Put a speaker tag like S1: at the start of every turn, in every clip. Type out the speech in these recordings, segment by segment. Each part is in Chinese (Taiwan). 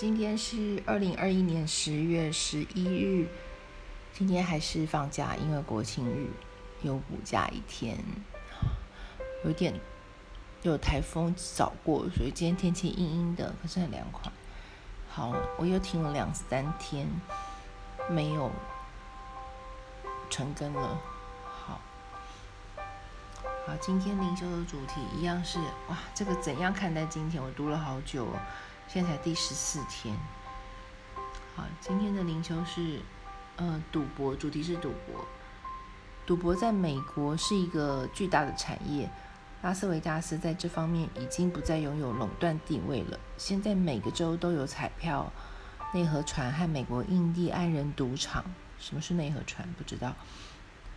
S1: 今天是二零二一年十月十一日，今天還是放假，因為國慶日有補假一天，有點有颱風掃過，所以今天天氣陰陰的，可是很涼快。好，我又停了兩三天，沒有成更了。好，好，今天靈修的主題一樣是哇，這個怎樣看待今天？我讀了好久哦。現在才第十四天，好，今天的靈修是，呃，賭博，主題是賭博。賭博在美國是一個巨大的產業，拉斯維加斯在這方面已經不再擁有壟斷地位了。現在每個州都有彩票、內河船和美國印第安人賭場。什麼是內河船？不知道，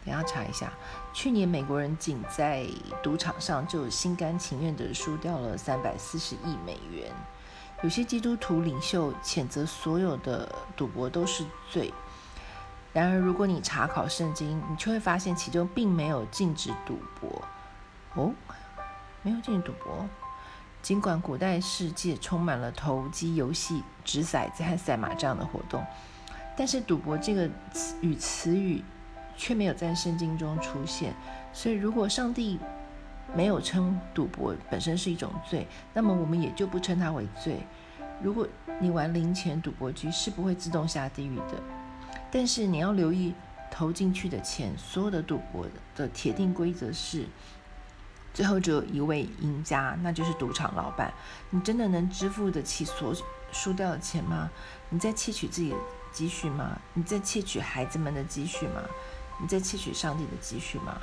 S1: 等一下查一下。去年美國人僅在賭場上就心甘情願地輸掉了三百四十億美元。有些基督徒領袖譴責所有的賭博都是罪，然而，如果你查考聖經，你就會發現其中並沒有禁止賭博。哦，沒有禁止賭博。儘管古代世界充滿了投機遊戲、擲骰子和賽馬這樣的活動，但是“賭博”這個詞語詞語卻沒有在聖經中出現。所以，如果上帝沒有稱賭博本身是一種罪，那麼我們也就不稱它為罪。如果你玩零錢賭博機，是不會自動下地獄的，但是你要留意投進去的錢，所有的賭博的鐵定規則是，最後只有一位贏家，那就是賭場老闆。你真的能支付得起所輸掉的錢嗎？你在竊取自己的積蓄嗎？你在竊取孩子們的積蓄嗎？你在竊取上帝的積蓄嗎？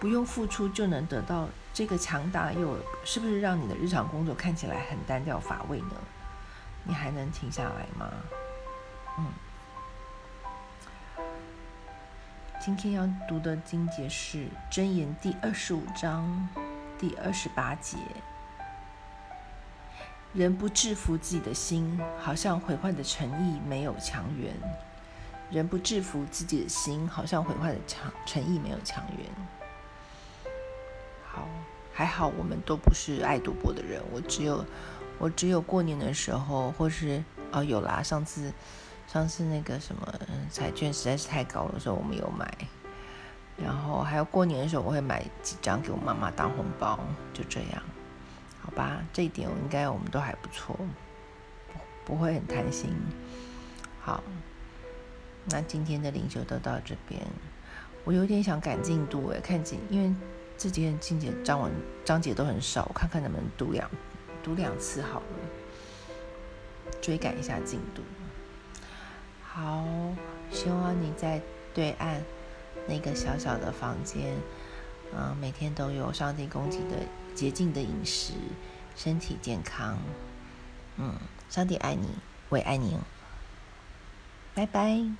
S1: 不用付出就能得到這個強大，又是不是讓你的日常工作看起來很單調乏味呢？你還能停下來嗎？嗯。今天要讀的經節是《箴言》第二十五章第二十八節：“人不制伏自己的心，好像毀壞的城邑，沒有牆垣；人不制伏自己的心，好像毀壞的強城邑，沒有牆垣。”還好，我們都不是愛賭博的人。我只有，我只有過年的時候，或是哦，有啦，上次，上次那個什麼彩券實在是太高了，所以我們有買。然後還有過年的時候，我會買幾張給我媽媽當紅包，就這樣。好吧，這一點我、哦、應該我們都還不錯不，不會很貪心。好，那今天的領袖都到這邊，我有點想趕進度哎，看緊因為，這幾天靜姐、張文、張姐都很少，我看看能不能讀兩讀兩次好了，追趕一下進度。好，希望你在對岸那個小小的房間，嗯，每天都有上帝供給的潔淨的飲食，身體健康，嗯，上帝愛你，我也愛你哦。拜拜。